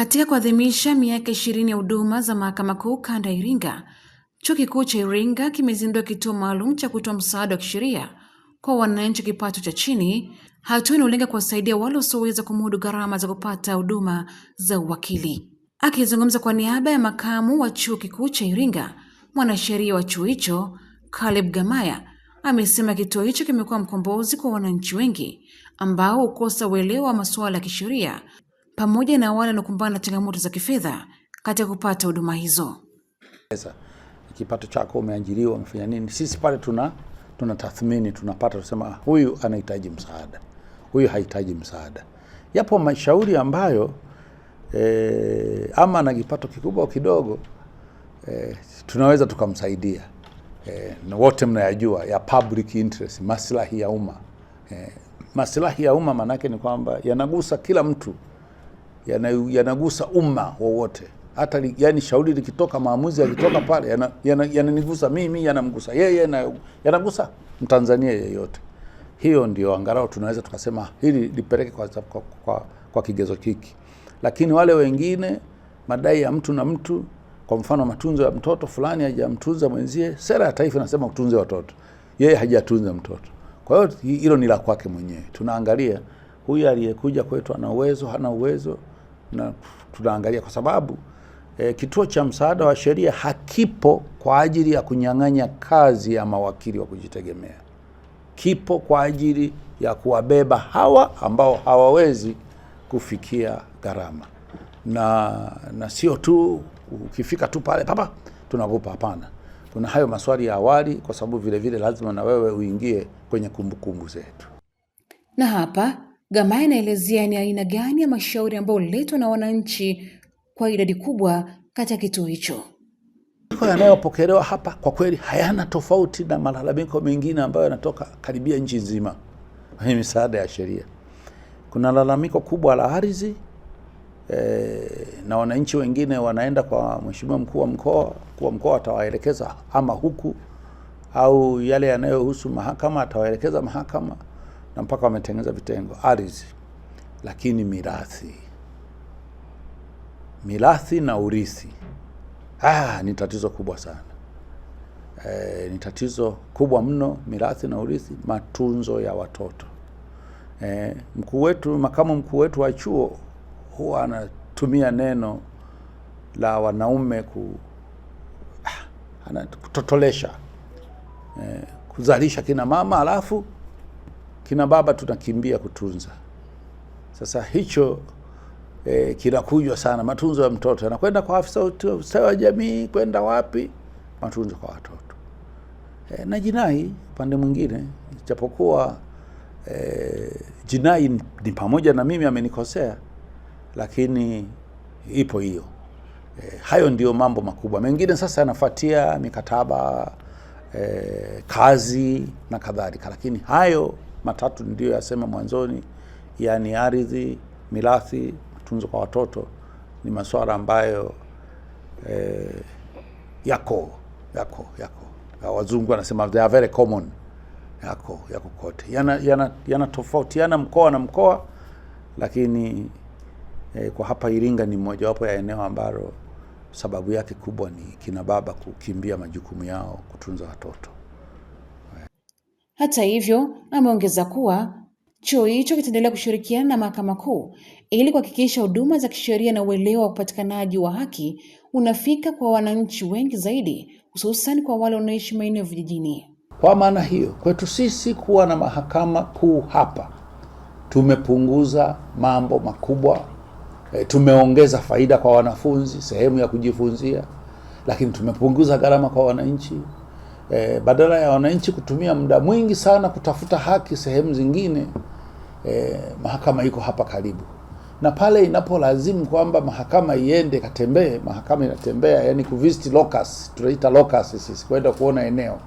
Katika kuadhimisha miaka ishirini ya huduma za Mahakama Kuu Kanda ya Iringa, Chuo Kikuu cha Iringa kimezindua kituo maalum cha kutoa msaada wa kisheria kwa wananchi kipato cha chini, hatua inayolenga kuwasaidia wale wasioweza kumudu gharama za kupata huduma za uwakili. Akizungumza kwa niaba ya makamu wa Chuo Kikuu cha Iringa, mwanasheria wa chuo hicho Caleb Gamaya amesema kituo hicho kimekuwa mkombozi kwa wananchi wengi ambao hukosa uelewa wa masuala ya kisheria pamoja na wale wanaokumbana na changamoto za kifedha katika kupata huduma hizo. kipato chako, umeajiriwa, umefanya nini? Sisi pale tuna tuna tathmini, tunapata tusema, ah, huyu anahitaji msaada, huyu hahitaji msaada. Yapo mashauri ambayo e, ama ana kipato kikubwa kidogo e, tunaweza tukamsaidia e, wote mnayajua ya public interest, maslahi ya umma e, maslahi ya umma maanake ni kwamba yanagusa kila mtu yanagusa umma wowote hata yani, shauri likitoka, maamuzi yakitoka pale yananigusa yana, yana mimi yanamgusa yeye yanagusa yana Mtanzania yeyote. Hiyo ndio angalau tunaweza tukasema hili lipeleke kwa, kwa, kwa, kwa kigezo kiki lakini wale wengine madai ya mtu na mtu, kwa mfano matunzo ya mtoto fulani hajamtunza mwenzie, sera ya taifa inasema utunze watoto, yeye hajatunza mtoto. Kwa hiyo hilo ni la kwake mwenyewe. Tunaangalia huyu aliyekuja kwetu ana uwezo, hana uwezo na tunaangalia kwa sababu e, kituo cha msaada wa sheria hakipo kwa ajili ya kunyang'anya kazi ya mawakili wa kujitegemea. Kipo kwa ajili ya kuwabeba hawa ambao hawawezi kufikia gharama, na na sio tu ukifika tu pale papa tunakupa. Hapana, kuna hayo maswali ya awali, kwa sababu vile vile lazima na wewe uingie kwenye kumbukumbu zetu, na hapa Gamaya anaelezea ni aina gani ya mashauri ambayo huletwa na wananchi kwa idadi kubwa katika kituo hicho. Yanayopokelewa hapa kwa kweli hayana tofauti na malalamiko mengine ambayo yanatoka karibia nchi nzima kwenye misaada ya sheria. Kuna lalamiko kubwa la ardhi e, na wananchi wengine wanaenda kwa mheshimiwa mkuu wa mkoa, mkuu wa mkoa atawaelekeza ama huku au yale yanayohusu mahakama atawaelekeza mahakama na mpaka wametengeneza vitengo ardhi, lakini mirathi, mirathi na urithi ah, ni tatizo kubwa sana. E, ni tatizo kubwa mno, mirathi na urithi, matunzo ya watoto. E, mkuu wetu, makamu mkuu wetu wa chuo huwa anatumia neno la wanaume ku ah, kutotolesha, e, kuzalisha kina mama alafu kina baba tunakimbia kutunza. Sasa hicho eh, kinakujwa sana, matunzo ya mtoto anakwenda kwa afisa ustawi wa jamii, kwenda wapi, matunzo kwa watoto e, na jinai upande mwingine, japokuwa e, eh, jinai ni pamoja na mimi amenikosea, lakini ipo hiyo. e, hayo ndiyo mambo makubwa, mengine sasa yanafuatia mikataba e, kazi na kadhalika, lakini hayo matatu ndiyo yasema mwanzoni, yaani ardhi, mirathi, matunzo kwa watoto, ni masuala ambayo eh, yako yako yako ya wazungu wanasema they are very common, yako yako kote, yanatofautiana yana, yana mkoa na mkoa, lakini eh, kwa hapa Iringa ni mojawapo ya eneo ambalo sababu yake kubwa ni kina baba kukimbia majukumu yao kutunza watoto. Hata hivyo, ameongeza kuwa chuo hicho kitaendelea kushirikiana na Mahakama Kuu ili kuhakikisha huduma za kisheria na uelewa wa upatikanaji wa haki unafika kwa wananchi wengi zaidi, hususan kwa wale wanaoishi maeneo vijijini. Kwa maana hiyo, kwetu sisi kuwa na Mahakama Kuu hapa tumepunguza mambo makubwa e, tumeongeza faida kwa wanafunzi, sehemu ya kujifunzia, lakini tumepunguza gharama kwa wananchi e, badala ya wananchi kutumia muda mwingi sana kutafuta haki sehemu zingine e, mahakama iko hapa karibu, na pale inapolazimu kwamba mahakama iende katembee, mahakama inatembea, yani kuvisit locus, tunaita locus sisi, kwenda kuona eneo.